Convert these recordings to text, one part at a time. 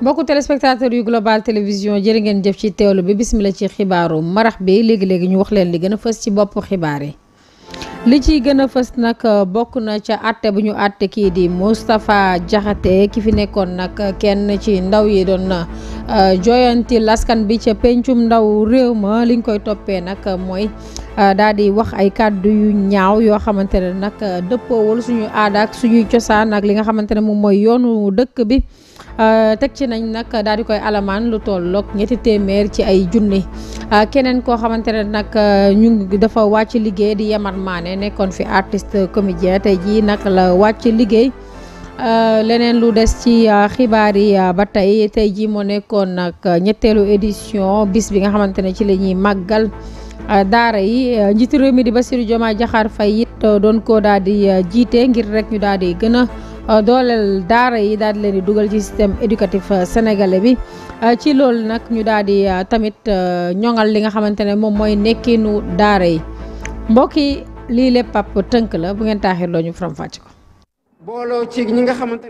mbokku téléspectateur yu global télévision jërë ngeen jëf ci teewlu bi bismillah ci xibaaru marax bi léegi-léegi ñu wax leen li gën a fës ci bopp xibaar yi li ci gën a fës nag euh, bokk na ca àtte bu ñu àtte kii di Moustapha jaxate ki fi nekkoon nag kenn ci ndaw yi doon euh, joyanti laskan bi ca pencum ndaw réew ma li liñ koy toppee nag mooy euh, daal di wax ay kàddu yu ñaaw yoo xamante ne nag dëppoowul suñu aada ak suñuy cosaan ak li nga xamante ne moom mooy yoonu dëkk bi Euh, teg ci nañ nag daal di koy alamaan lu tolloog ñetti téeméer ci ay junni euh, keneen koo xamante ne nag euh, ñu ngi dafa wàcc liggéey di Yamar maane nekkoon fi artiste comédien tey jii nag la wàcc liggéey leneen lu des ci xibaar yi ba tey tey jii moo nekkoon nag ñetteelu édition bis bi nga xamante ne ci lañuy màggal daara yi njiitu réew mi di Bassirou Diomaye Diakhar Faye it doon ko daal di jiite ngir rek ñu daal di gën a Euh, dooleel daara yi daal di leen di dugal ci système éducatif euh, sénégalais bi euh, ci loolu nag ñu daal di tamit ñoŋal li nga xamante ne moom mooy nekkinu daara yi mbokk yi lii lépp ab tënk la bu ngeen taaxee loo ñu faram fàcce ko. booloo ci ñi nga xamante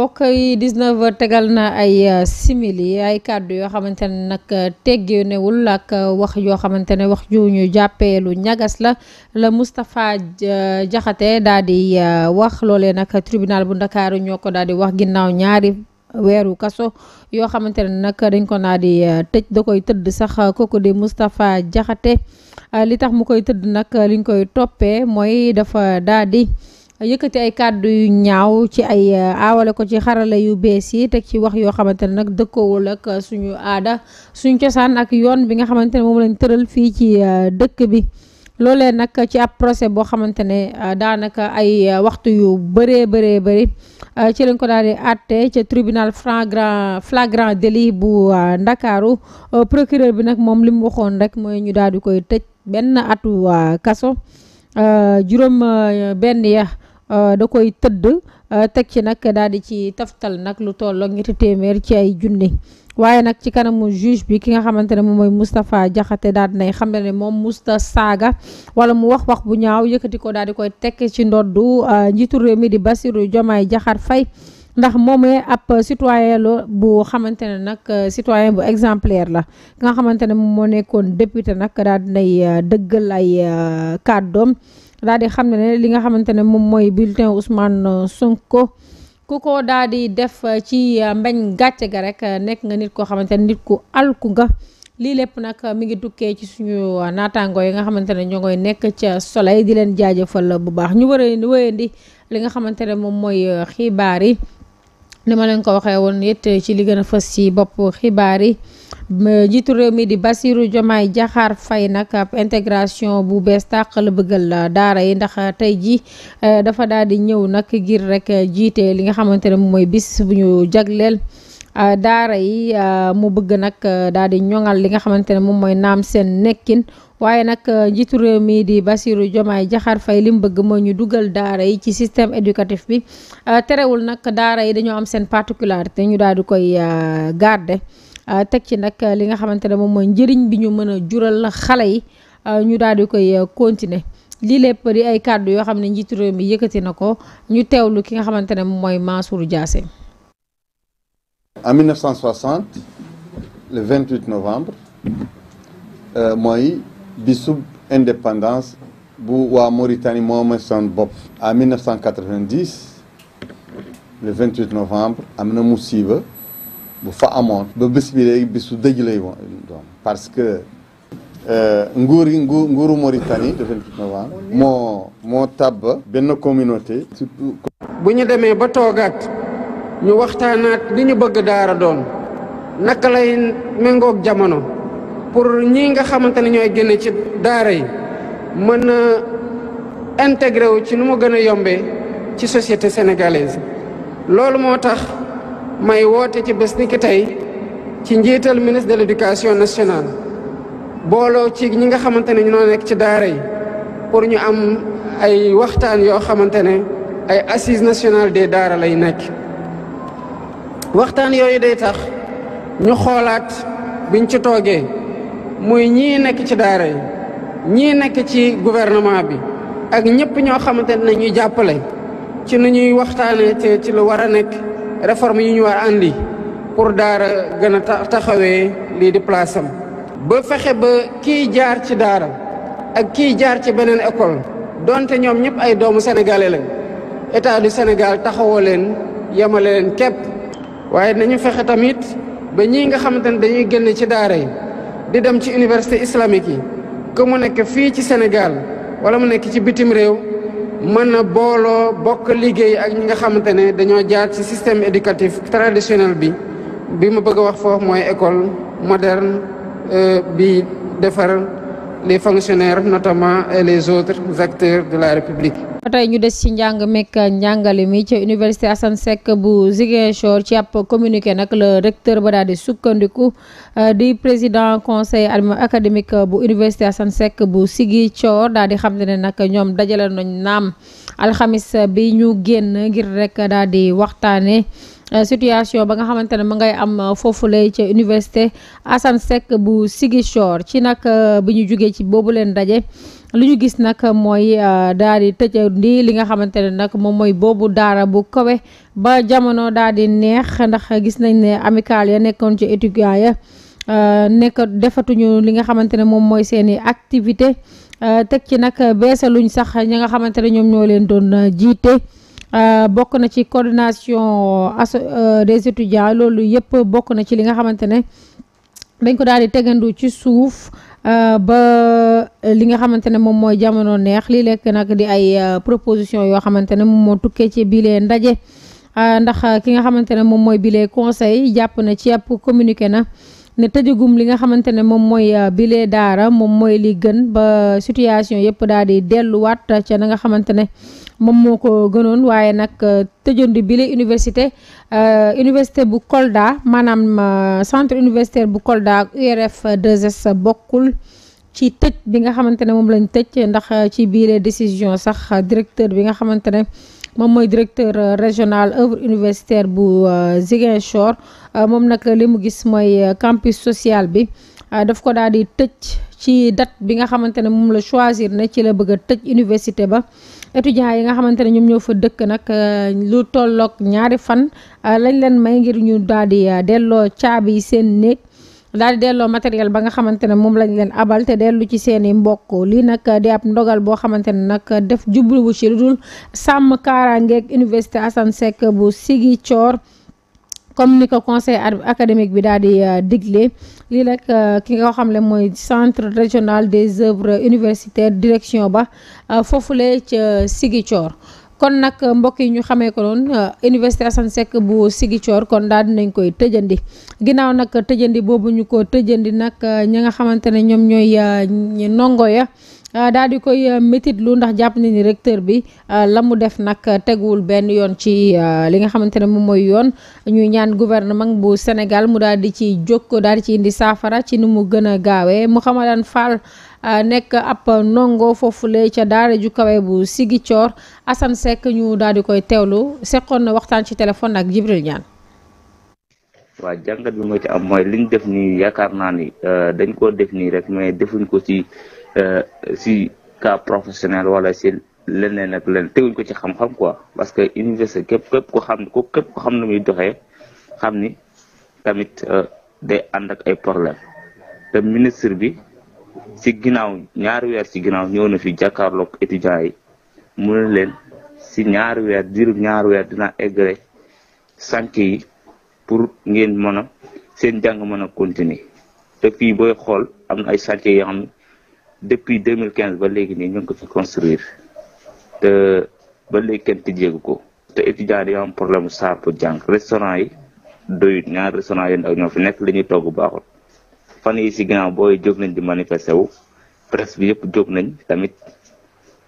mbokk yi 19 tegal na ay euh, simili ay kàddu yoo xamante ne nag euh, tegginewul ak euh, wax yoo xamante ne wax ju ñu jàppee lu ñagas la la Moustapha Diakhaté daal di wax loolee nag tribunal bu Ndakaaru ñoo ko daal di wax ginnaaw ñaari weeru kaso yoo xamante ne nag dañ ko naa di tëj da koy tëdd sax kooku di Moustapha Diakhaté li tax mu koy tëdd nag liñ koy toppee mooy dafa daal yëkkati ay kàddu yu ñaaw ci ay eh, aawale ko ci xarala yu bees yi teg ci wax yoo xamante ne nag dëkkoowul ak eh, suñu aada suñ cosaan ak yoon bi nga xamante ne moom lañ tëral fii ci eh, dëkk bi loole nag ci ab procès boo xamante ne daanaka ay waxtu yu bëree bëree bëri ci lañ ko daal di àtte ca tribunal flagrant flagrant délit bu ndakaaru procureur bi nag moom li mu waxoon rek mooy ñu daal di koy tëj benn atu kaso juróom benn ya Euh, da koy tëdd euh, teg ci nag daal di ci taftal nag lu tolloo ñetti téeméer ci ay junni waaye nag ci kanamu juge bi ki nga xamante ne moom mooy Moustapha Diakhaté daal dinay xam ne moom musta saaga wala mu wax wax bu ñaaw yëkkati ko daal di koy tekk ci ndoddu euh, njiitu réew mi di Bassirou Diomaye Diakhar Faye ndax moomee ab citoyen la bu xamante ne nag citoyen bu exemplaire la nga xamante ne moom moo nekkoon député nag daal dinay dëggal ay kàddoom daal di xam ne li nga xamante ne moom mooy bulletin Ousmane ko ku ko daal di def ci euh, mbañ gàcce ga rek euh, nekk nga nit koo xamante ne nit ku alku nga lii lépp nag mi ngi tukkee ci suñu euh, naataangoo yi nga xamante ne ñoo ngoy nekk ca soleil di leen jaajëfal bu baax ñu war a wéyandi li nga xamante ne moom mooy xibaar yi ni ma leen ko waxee woon it ci li gën a fës ci bopp xibaar yi jiitu réew mii di Bassirou Diomaye jaxaar fay nag intégration bu bees tàq la bëggal daara yi ndax tey ji eh, dafa daal di ñëw nag ngir rek jiite li nga xamante ne moom mooy bis bu ñu jagleel eh, daara yi eh, mu bëgg nag daal di ñoŋal li nga xamante ne moom mooy naam seen nekkin waaye nag njiitu réew mi di Bassirou Diomaye jaxaar fay li mu bëgg mooy ñu dugal daara yi ci système éducatif bi terewul nag daara yi dañoo am seen te ñu daal di koy garder Euh, tek ci nak li nga xamantene mom moy mooy njëriñ bi ñu mëna a jural xalé yi euh, ñu daal di koy euh, continuer li lepp di ay cadeau yo xam ne rew mi yëkëti nako ñu tewlu ki nga xamantene mom moy Mansour Diassé. en 1960 le 28 novembre euh, moy bisub indépendance bu wa Mauritanie moom seen bopp. en 1990 le 28 novembre amna musiba. bu fa amoon ba bés bi léegi bisu dëj lay doon parce que euh, nguur yi nguur nguuru Mauritanie moo moo tabb benn communauté bu ñu demee ba toogaat ñu waxtaanaat li ñu bëgg daara doon naka lay méngoog jamono pour ñi nga xamante ne ñooy génne ci daara yi mën na intégré wu ci nu ma gën a yombee ci société sénégalaise loolu moo tax may woote ci bés ni ki ci njiital ministre de l'éducation nationale booloo ci ñi nga xamante ne noo nekk ci daara yi pour ñu am ay waxtaan yoo xamante ne ay assises nationales des daara lay nekk waxtaan yooyu day tax ñu xoolaat biñ ci toogee muy ñii nekk ci daara yi ñii nekk ci gouvernement bi ak ñëpp ñoo xamante ne ñu jàppale ci nu ñuy waxtaanee te ci lu war a nekk réforme yu ñu war a andi pour daara gën a taxawee lii di place am ba fexe ba kii jaar ci daara ak kii jaar ci beneen école donte ñoom ñëpp ay doomu sénégalais lañ état du Sénégal taxawoo leen yemale leen képp waaye nañu fexe tamit ba ñii nga xamante ne dañuy génn ci daara yi di dem ci université islamique yi que mu nekk fii ci Sénégal wala mu nekk ci bitim réew Man bolo, très liggéey ak nga système éducatif traditionnel bi bi ma bëgg wax école moderne euh, bi les fonctionnaires notamment et les autres acteurs de la République tey ñu des ci njàng mekk njàngale mi ci université Assane Seck bu Ziguinchor ci ab communiqué nag le ba daal di sukkandiku euh, di président conseil académique bu université Assane Seck bu Ziguinchor daal di xam ne nag ñoom dajale nañ naam alxamis bi ñu génn ngir rek daal di waxtaane euh, situation ba nga xamante ne ma ngay am foofu lay ca université Assane bu Ziguinchor ci nag euh, bi ñu jógee ci boobu leen daje lu ñu gis nag mooy euh, daal di tëjandi li nga xamante ne nag moom mooy boobu daara bu kawe ba jamono daal di neex ndax gis nañ ne amicale ya nekkoon ci étudiant ya euh, nekk defatuñu li nga xamante ne moom mooy seeni activité euh, teg ci nag beesaluñ sax ñi nga xamante ne ñoom ñoo leen doon jiite bokk na ci coordination asso des étudiants loolu yëpp bokk na ci li nga xamante ne dañ ko daal di ci suuf Euh, ba euh, li nga xamante ne moom mooy jamono neex li lekk nag di ay euh, proposition yoo xamante ne moom moo tukkee ci bilee ndaje ndax ki nga xamante ne moom mooy bilee conseil jàpp na ci ab communiqué na ne tëjagum li nga xamante ne moom mooy euh, bile daara moom mooy li gën ba situation yëpp daal di delluwaat ca na nga xamante ne moom moo ko gënoon waaye nag euh, tëjandi bile université euh, université bu Kolda maanaam centre universitaire bu Kolda URF 2S bokkul. ci tëj bi nga xamante ne moom lañ tëj ndax ci biir décision sax directeur bi nga xamante ne moom mooy directeur euh, régional œuvre universitaire bu euh, Ziguinchor euh, moom nag li mu gis mooy campus social bi daf ko daal di tëj ci date bi nga xamante ne moom la choisir ne ci la bëgg a tëj université ba étudiants yi nga xamante ne ñoom ñoo fa dëkk nag lu tolloog ñaari fan lañ leen may ngir ñu daal di delloo caabi seen néeg daal di delloo matériel ba nga xamante ne moom lañu leen abal te dellu ci seeni mbokk lii nag di ab ndogal boo xamante ne nag def jubluwu ci lu dul sàmm kaaraangeeg université Assane Seck bu Ziguinchor comme ni ko conseil académique bi daal di euh, digle lii nag euh, ki nga xam ne mooy centre régional des œuvres universitaires direction ba foofu euh, foofule ca Ziguinchor kon nag euh, mbokk yi ñu xamee ko noonu euh, université Assane Seck bu Ziguinchor kon daal dinañ koy tëjandi ginnaaw nag tëjandi boobu ñu ko tëjandi nag euh, ña nga xamante ne ñoom ñooy ndongo ya daal di koy métitlu ndax jàpp na ni recteur bi la mu def nag teguwul benn yoon ci li nga xamante ne moom mooy yoon ñuy ñaan gouvernement bu Sénégal mu daal di ci jóg daal di ci indi saafara ci ni mu gën a gaawee Mouhamadane Fall. Euh, nekk ab foofu foofule ca daara ju kawee bu Ziguinchor Assane Seck ñu daal di koy teewlu seqoon na waxtaan ci téléphone ak Jibril Niane. waa jàngat bi moo ci am mooy liñ def nii yaakaar naa ni euh, dañ koo def nii rek mooy defuñ ko ci si euh, cas professionnel wala si leneen ak leneen teguñ ko ci xam-xam quoi parce que université képp képp ko xam ko képp ko xam na muy doxe xam ni tamit day ànd ak ay problème te ministre bi ci ginnaaw ñaari weer si ginnaaw ñëw na fi jàkkaarloog étudiants yi mu ne leen si ñaari weer diirub ñaar weer dina eggale sànq yi pour ngeen mën a seen jàng mën a continuer te fii booy xool am na ay sànq yoo xam ne depuis mille quinze ba léegi nii ñu ko fi construire te ba léegi kenn tijjeegu ko te étudiants yi am problème mu saar pour jàng restaurant yi doyut ñaar restaurant yi ak ñoo fi nekk li ñuy togg baaxul. fan yi si ginnaaw booy jóg nañ di manifester wu presse bi yëpp jóg nañ tamit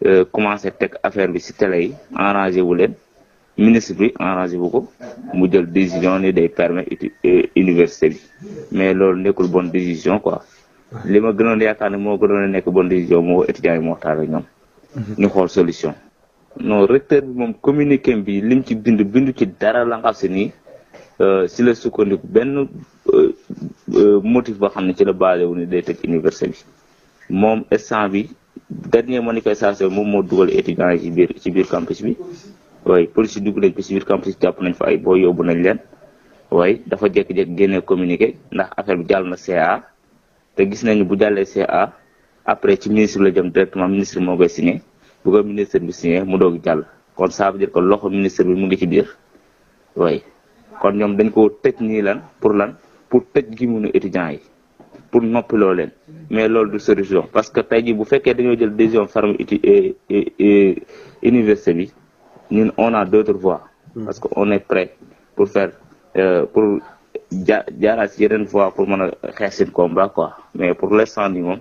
euh, commencé teg affaire bi si télé yi arrangé wu leen ministre bi arrangé wu ko mu jël décision ni day permettre euh, université bi mais loolu nekkul bonne décision quoi li ma gënoon yaakaar ne moo gënoon a nekk bonne décision moo étudiants yi moo taal ñoom mhm. ñu xool solution non recteur bi moom communiqué bi lim ci bind bindu ci dara la nga si nii Euh, si la sukkandiku benn euh, euh, motif boo xam ne ci la basé wu ni day tëj université bi moom instant bi dernier manifestation moom moo dugal étudiants yi ci biir ci biir campus bi waaye police dugg nañ ko ci biir campus jàpp nañ fa ay boo yóbbu nañ leen waaye dafa jékki-jékki génne communiqué ndax affaire bi jàll na CA te gis nañu bu jàllee CA après ci ministre la jëm directement ministre moo koy signé bu ko ministre bi signé mu doog jàll kon ça veut dire loxo ministre bi mu ngi ci biir waaye kon ñoom dañ koo tëj nii lan pour lan pour tëj gi munu étudiants yi pour noppiloo leen mais loolu du solution parce que tey jii bu fekkee dañoo jël décision ferme euh, euh, euh, université bi ñun on a d'autres voies hmm. parce que on est pour faire pour ja jaaraat si yeneen pour mën a xeex seen combat quoi mais pour le nii moom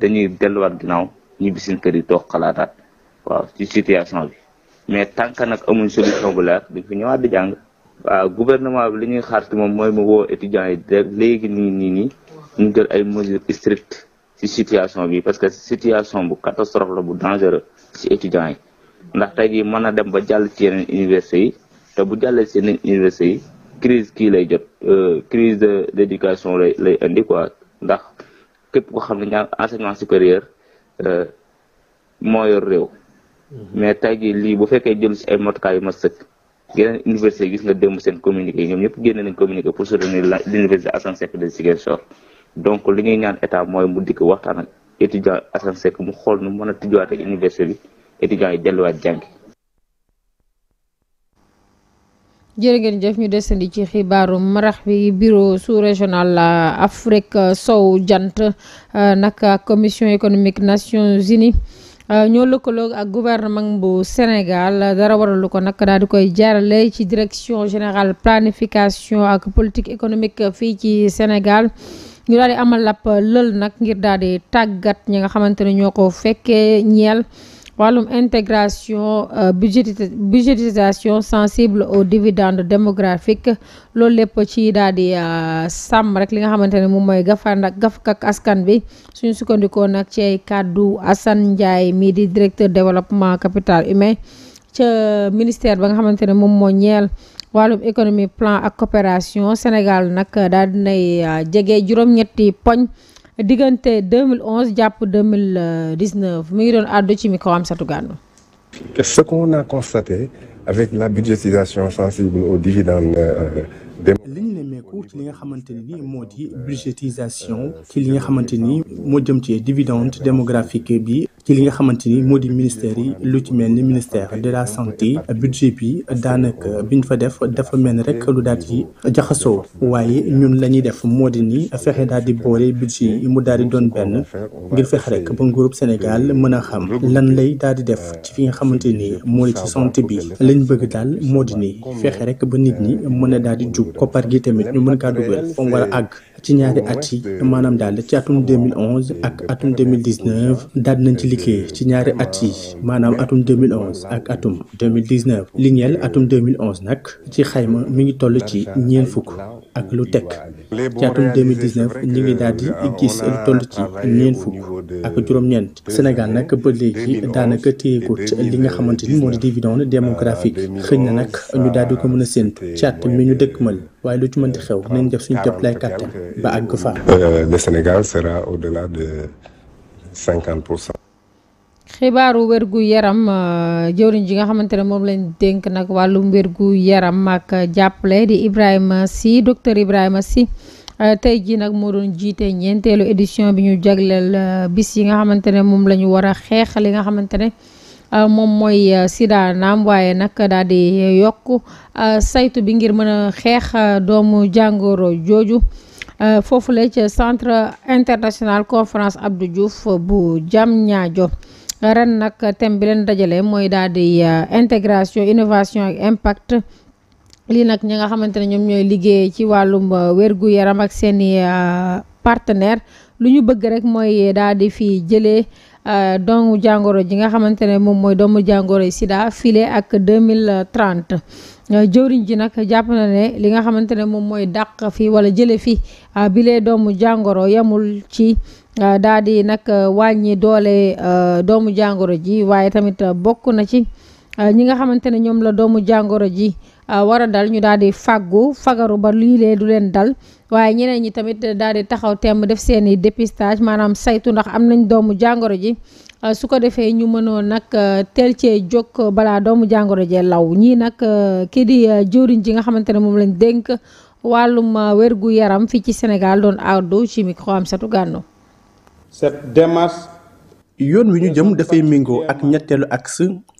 dañuy delluwaat ginnaaw ñibbi seen kër yi toog xalaataat waaw ci situation bi mais tant nag amuñ solution bu leer dañ fi ñëwaat di jàng waaw gouvernement bi li ñuy xaar moom mooy mu woo étudiants yi léegi nii nii nii jël ay mesures strictes ci situation bi parce que situation bu catastrophe la bu dangereux si étudiants yi ndax tey jii mën na dem ba jàll ci yeneen universités yi te bu jàllee ci yeneen universités yi crise kii lay jot euh, crise de d' éducation lay lay indi quoi ndax képp ko xam ne ñaa enseignement supérieur euh, moo yor réew mm-hmm. mais tey lii bu fekkee jël ci ay motukaay yu ma sëkk yeneen université gis nga démb seen communiqué ñoom ñëpp génne nañ communiqué pour soutenir l'université Assane Seck de Ziguinchor donc li ñuy ñaan état mooy mu dikk waxtaan ak étudiant Assane Seck mu xool nu mën a tijjiwaat ak université bi étudiants yi delluwaat jàngi jërë ngeen ñu desandi ci xibaaru marax bi bureau su régional euh, Afrique sow jant euh, naka commission économique Nations Unies Euh, ñoo lëkkaloo ak gouvernement bu Sénégal dara waralu ko nag daal di koy jaarale ci direction générale planification ak politique économique fii ci Sénégal ñu daal di amal ab lël nag ngir daal di tàggat ñi nga xamante ne ñoo ko fekkee ñeel. wàllum intégration euh, budgéti budgétisation sensible aux dividendes démographiques loolu lépp ci daal di euh, sàmm rek li nga xamante ne moom mooy gafand gafkak askan bi suñu sukkandikoo nag ci ay kàddu Assane Ndiaye mii di directeur développement capital humain ca euh, ministère ba nga xamante ne moom moo ñeel wàllum économie plan ak coopération Sénégal nag daal dinay jege juróom-ñetti poñ diggante 2011 jàpp 2019 mu ngi doon àddu ci micro am Amsatou Gannou. ce qu'on a constaté avec la budgétisation sensible aux dividendes. Euh, nemmeeku li nga xamanteni ni euh, budgétisation euh, ci li nga xamanteni mo jëm ci dividende démographique bi ci li nga xamanteni modi ministère yi lu ci ministère de la santé budget bi daanaka biñ fa def dafa mel rek lu dal ci jaxasoo waye ñun lañuy def ni di budget yi mu dal di don ben ngir fex rek ba Sénégal mëna xam lan lay dal di def ci fi nga xamanteni ni ci santé bi lañ bëgg dal modi ni fexé rek ba nit ni ñu mën kaa dugal fa mu war a àgg ci ñaari at yi maanaam daal ci atum 2011 ak atum 2019 daal nañ ci liggéey ci ñaari at yi maanaam atum 2011 ak atum 2019 li ñeel atum 2011 nag ci xayma mi ngi toll ci ñeent fukk ak lu teg ci atum 2019 ñi ngi daal di euh, gis ci ñeen fukk ak juróom-ñeent Sénégal nak ba léegi daanaka ci li nga xamante ni moo di dividende euh, démographique xëñ na nag ñu daal di ko mën a séentu ci at mi ñu dëkkmal waaye lu ci mënti xew nañ def suñu képp lay kàttan ba àgg fa. Euh, le Sénégal sera au-delà de cinquante pour cent. xibaaru wérgu yaram euh, jëwriñ ji nga xamante ne moom lañ dénk nag wàllum wérgu yaram ak jàppale di Ibrahima si docteur Ibrahima si euh, tey jii nag moo doon jiite ñeenteelu édition bi ñu jagleel euh, bis yi nga xamante ne moom la ñu war a xeex li nga xamante ne moom mooy sida naam waaye nag daal di yokk saytu bi ngir mën a xeex doomu jàngooro jooju foofule ca centre international conférence Abdou Diouf bu ñaajo ren nag thème bi leen dajale mooy daal di euh, intégration innovation ak impact lii nag ñi nga xamante ne ñoom ñooy liggéey ci wàllum euh, wérgu yaram ak seeni euh, partenaire lu ñu bëgg rek mooy daal di fi jëlee doomu jàngoro ji nga xamante ne moom mooy doomu jàngoro yi sida file ak 2030 jëwriñ ji nag jàpp na li nga xamante ne moom mooy dàq fi wala jële fi bile doomu jàngoro yamul ci Euh, daa di nag euh, wàññi doole euh, doomu jàngoro ji waaye tamit bokk na ci ñi nga xamante ne ñoom la doomu jàngoro ji war a dal ñu daal di fàggu fagaru ba lii lee du leen dal waaye ñeneen ñi tamit daal di taxaw temm def seeni dépistage maanaam saytu ndax am nañ doomu jàngoro ji su ko defee ñu mënoon nag teel cee jóg balaa doomu jàngoro jee law ñii nag kii di jëwriñ ji nga xamante ne moom lañ dénk wàllum wér yaram fii ci Sénégal doon àddu ci micro am satu gànnoo cette démarche. yoon wi ñu jëm dafay méngoo ak ñetteelu axe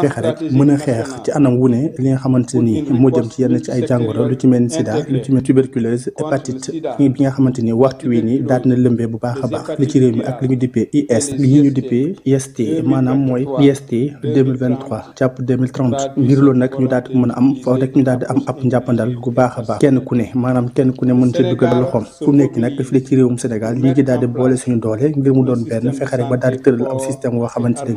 fexe rek mën a xeex ci anam wu ne li nga xamante ni moo jëm ci yenn ci ay jàngoro lu ci mel sida lu ci mel tuberculose hépatite bi nga xamante ni waxtu wi ni daal na lëmbee bu baax a baax li ci réew mi ak li ñu dippee a am foofu a baax kenn ku ne maanaam kenn ku ne mën ci dugal loxoom fu nekk nag fi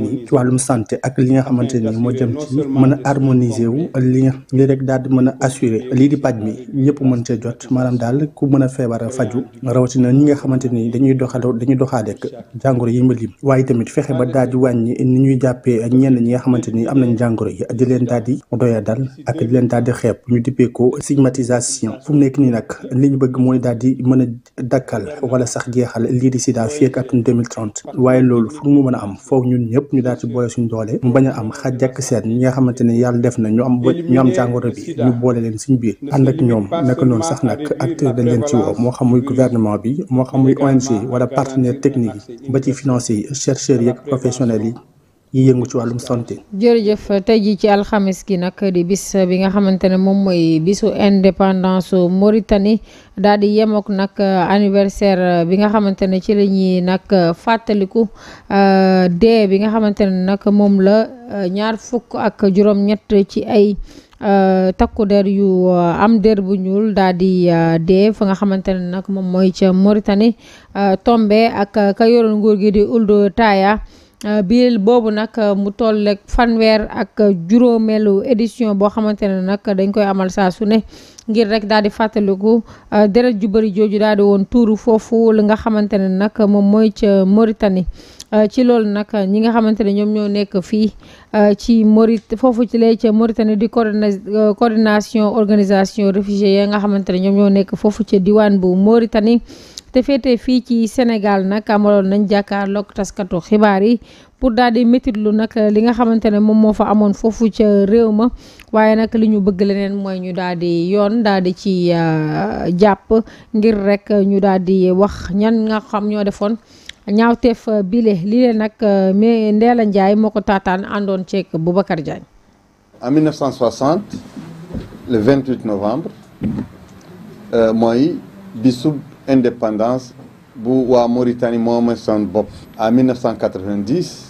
nii ci wàllum santé ak li nga xamante ni moo jëm ci mën a harmoniser li nga li rek daal di mën a assurer lii di paj mi ñëpp mën cee jot maanaam daal ku mën a feebar faju rawatina ñi nga xamante ni dañuy doxaloo dañuy doxaaleek jàngoro yi ma lim waaye tamit fexe ba daal di wàññi ni ñuy jàppee ñenn ñi nga xamante ni am nañ jàngoro yi di leen daal di doya dal ak di leen daal di xeeb ñu dippee ko stigmatisation fu mu nekk nii nag li ñu bëgg mooy daal di mën a dakkal wala sax jeexal lii di sida fii ak atum 2030 waaye loolu fu mu mën a am foofu ñun ñëpp ñu dal di boole suñu doole mu bañ a am xaj jekk seet ñi nga xamante ne yàlla def na ñoom am ñu am jàngoro bi ñu boole leen suñ biir ànd ñoom naka noonu sax nag acteur dañ leen ci woo moo xamuy muy gouvernement bi moo xamuy muy ONG wala partenaire technique yi ba ci financier yi chercheurs yi ak professionnels yi yi ci wàllum santé. jërëjëf tey jii ci alxamis gi nag di bis bi nga xamante ne moom mooy bisu indépendance moritani Mauritanie daal di yemook nag anniversaire bi nga xamante ne ci la ñuy nag fàttaliku euh, dee bi nga xamante ne nag moom la euh, ñaar fukk ak juróom-ñett ci ay. Euh, takku der yu am der bu ñuul daal di dee fa nga xamante ne nag moom mooy ca moritani tombe ak ka yoroon nguur gi di Ould Taya Euh, biir boobu nag euh, mu toll ak fanweer ak juróomeelu édition boo xamante ne nag dañ koy amal saa su ne ngir rek daal di fàttaliku euh, deret ju bëri jooju daal di woon tuuru foofu li nga xamante ne nag moom mooy ca Mauritanie ci loolu nag ñi nga xamante ne ñoom ñoo nekk fii ci Maurit foofu ci lay ca Mauritanie di coordination organisation réfugiés ya nga xamante ne ñoom ñoo nekk foofu ca diwaan bu Mauritanie te féete fii ci Sénégal nag amaloon nañ jàkkaarloog taskatu xibaar yi pour daal di métitlu nag li nga xamante ne moom moo fa amoon foofu ca réew ma waaye nag li ñu bëgg leneen mooy ñu daal di yoon daal di ci euh, jàpp ngir rek ñu daal di wax ñan nga xam ñoo defoon ñaawteef bile lii leen nag euh, mais Ndéla Ndiaye moo ko taataan àndoon ceeg Boubacar Diagne. en 1960 le novembre euh, mooy bisub indépendance bu wa Mauritanie à 1990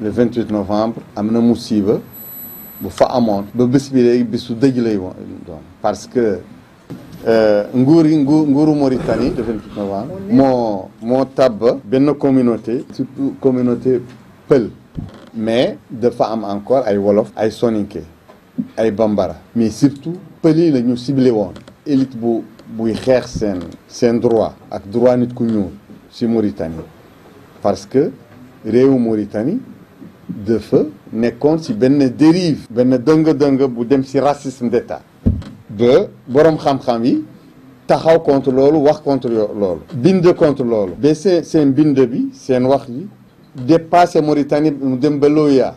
le 28 novembre amna bu fa amone ba bi lay parce que euh yi Mauritanie le 28 novembre. mo mo tabb ben communauté. surtout communauté mais de femmes encore ay wolof. ay ay bambara. mais surtout peul, ñu buy xeex seen seen droit ak droit nit ku ñuul ci Mauritanie parce que réewu Mauritanie dafa nekkoon ci benn dérive benn dëng-dëng bu dem ci racisme d'État ba boroom xam-xam yi taxaw contre loolu wax contre loolu binde contre loolu be seen seen bind bi seen wax yi dépassé Mauritanie mu dem ba Loya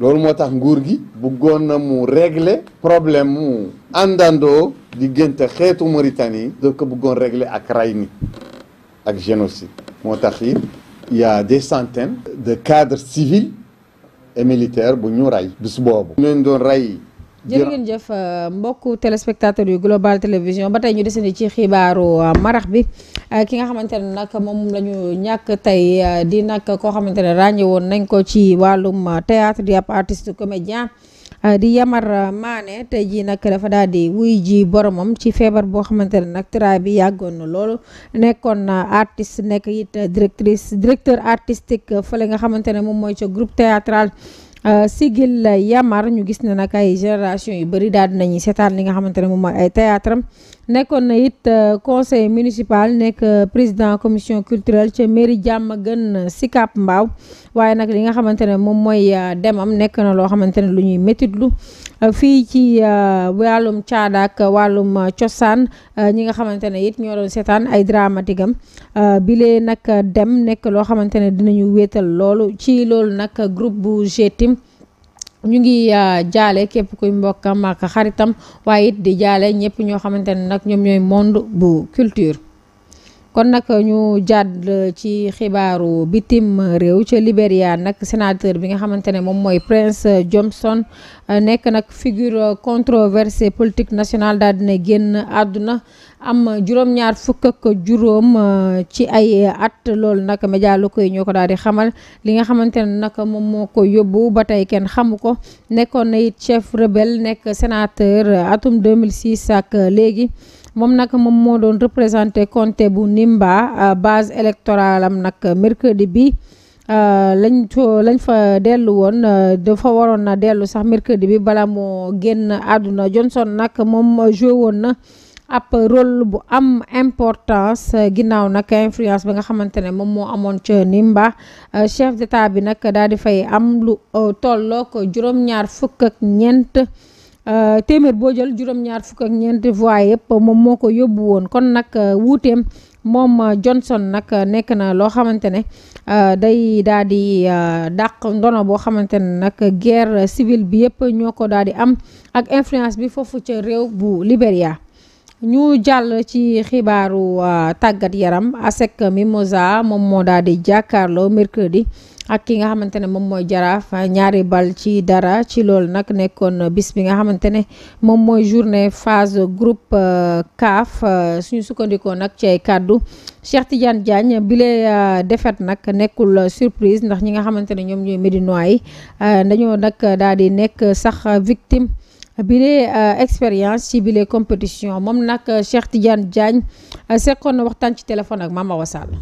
loolu moo tax nguur gi buggoon na mu régle problème mu àndandoo diggante xeetu Mauritanie yi da ko bëggoon régler ak ray nit ak génocide moo tax it y a des centaines de cadres civils et militaires bu ñu ray bis boobu ñu leen doon ray jërë ngeen jëf euh, mbokku téléspectateurs yu global télévision ba tey ñu desandi ci xibaaru euh, marax bi euh, ki nga xamante ne nag moom la ñu ñàkk tey di nag koo xamante ne ràññe woon nañ ko ci wàllum théâtre di ab artiste comédien Ah, di Yamar Mané tey jii nag dafa daal di wuy ji boromam ci feebar boo xamante ne nag tëraay bi yàggoon na loolu nekkoon na artiste nekk it directrice directeur artistique fële nga xamante ne moom mooy ca groupe théâtral ah, Sigil Yamar ñu gis ne nag ay génération yu bari daal di nañuy seetaan li nga xamante ne moom mooy ay théâtre nekkoon na it euh, conseil municipal nekk euh, président commission culturelle jàmm mairie Diamaguène Sicap mbaaw waaye nag li nga xamante ne moom mooy euh, demam nekk na loo xamante ne lu ñuy métitlu fii ci wàllum caada ak wàllum cosaan ñi nga xamante ne it ñoo doon seetaan ay dramatique am bilee nag dem nekk loo xamante ne dinañu wéetal loolu ci loolu nag groupe bu GTIM ñu ngi euh, jaale képp kuy mbokkam ak xaritam waaye it di jaale ñëpp ñoo xamante ne nag ñoom ñooy monde bu culture kon nag ñu jàdd ci xibaaru bitim réew ca Libéria nag sénateur bi nga xamante ne moom mooy Prince Johnson eh, nekk nag figure controversée politique nationale daal dina génn àdduna am juróom-ñaar fukk ak juróom eh, ci ay at loolu nag média lu koy ñoo ko daal di xamal li nga xamante ne nag moom moo ko yóbbu ba tey kenn xamu ko nekkoon na it chef rebelle nekk sénateur atum 2006 ak léegi. moom nag moom moo doon représenté comté bu Nimba euh, base électorale am nag mercredi bi euh, lañ lañ fa dellu woon euh, dafa waroon na dellu sax mercredi bi bala moo génn àdduna Johnson nag moom joué woon na ab rôle bu am importance ginnaaw nag influence bi nga xamante ne moom moo amoon ca Nimba chef d'état bi nag daal di fay am lu tolloo ko juróom-ñaar fukk ak ñeent Euh, téeméer boo jël juróom fukk ak ñeenti voix yëpp moom moo ko yóbbu woon kon nag euh, wuuteem moom euh, Johnson nag nekk na loo xamante ne day daal di dàq ndono boo xamante ne nag guerre civile bi yëpp ñoo ko daal di am ak influence bi foofu ca réew bu Libéria. ñu jàll ci xibaaru tàggat yaram ASEC Mimosa moom moo daal di jàkkaarloo mercredi. ak ki nga xamante ne moom mooy jaraaf ñaari bal ci dara ci loolu nag nekkoon bis bi nga xamante ne moom mooy journée phase groupe euh, CAF euh, suñu sukkandikoo nag ci kàddu Cheikh Tidiane Diagne bile euh, défaite nag nekkul surprise ndax ñi nga xamante ne ñoom ñooy Médinois yi dañoo nag daal di nekk sax victime. bile expérience ci bile compétition moom nag Cheikh Tidiane Diagne sekkoon na waxtaan ci téléphone ak Mame Awa Sall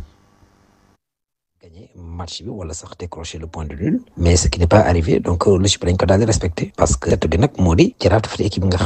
match bi wala sax décrocher le point de nul mais ce qui n'est pas arrivé donc euh, le chip dañ ko daal di respecté parce que dette bi nag moo di jaraaf dafa équipe nga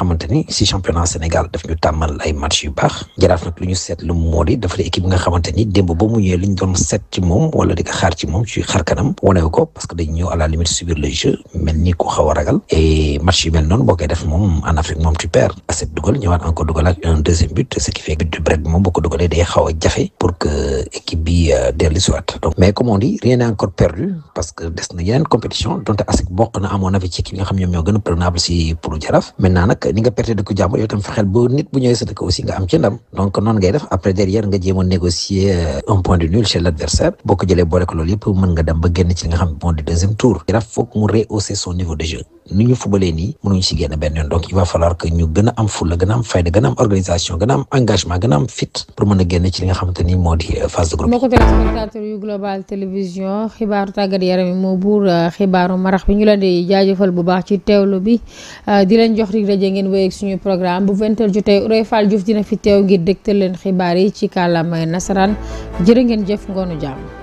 si championnat Sénégal daf ñu tàmmal ay match yu baax jaraaf nag lu ñu seetlu moo di dafa équipe nga xamante ni démb ba mu ñëwee li ñu doon set ci moom wala di ko xaar ci moom ci xar kanam ko parce que dañ ñëw à la limite subir le jeu mel ni ku xaw a ragal et match yu mel noonu boo koy def moom en Afrique moom tu perds aset dugal ñëwaat encore dugal ak un deuxième but ce qui fait but du bret bi moom boo ko dugalee day xaw a pour que équipe bi euh, dellu donc mais comme on dit rien n'est encore perdu parce que des na yeneen compétition dont ASIC bokk na à mon avis ci ki nga xam ñom ñoo gëna a prenable si pour Jaraaf maintenant nak ni nga de ko jamm yow tam fexel bo nit bu ñëwee sa dëkk aussi nga am ci ndam donc non ngay def après derrière nga jéem négocier euh, un point de nul chez l'adversaire boo jëlé bolé ko lool yépp mën nga dem ba génn ci li nga xam bon deuxième tour faut que mu rehausser son niveau de jeu ni ñu fubalee nii mënuñ si génn benn yoon donc il va falloir ñu gën a am fulla gën a am fayda gën a am organisation gën a am engagement gën a am fit pour mën a génn ci li nga xamante ni moo di euh, phase de groupe mbokk téléspectateur yu global télévision xibaaru tàggat yaram yi moo buur euh, xibaaru marax bi ñu leen di jaajëfal bu baax ci teew teewlu bi euh, di leen jox rig rajo ngeen wéy suñu programme bu 20h jotee Ourey Fall Diouf dina fi teew ngir dégtal leen xibaar yi ci kàllaamay nasaraan jërë ngeen jëf ngoonu jàmm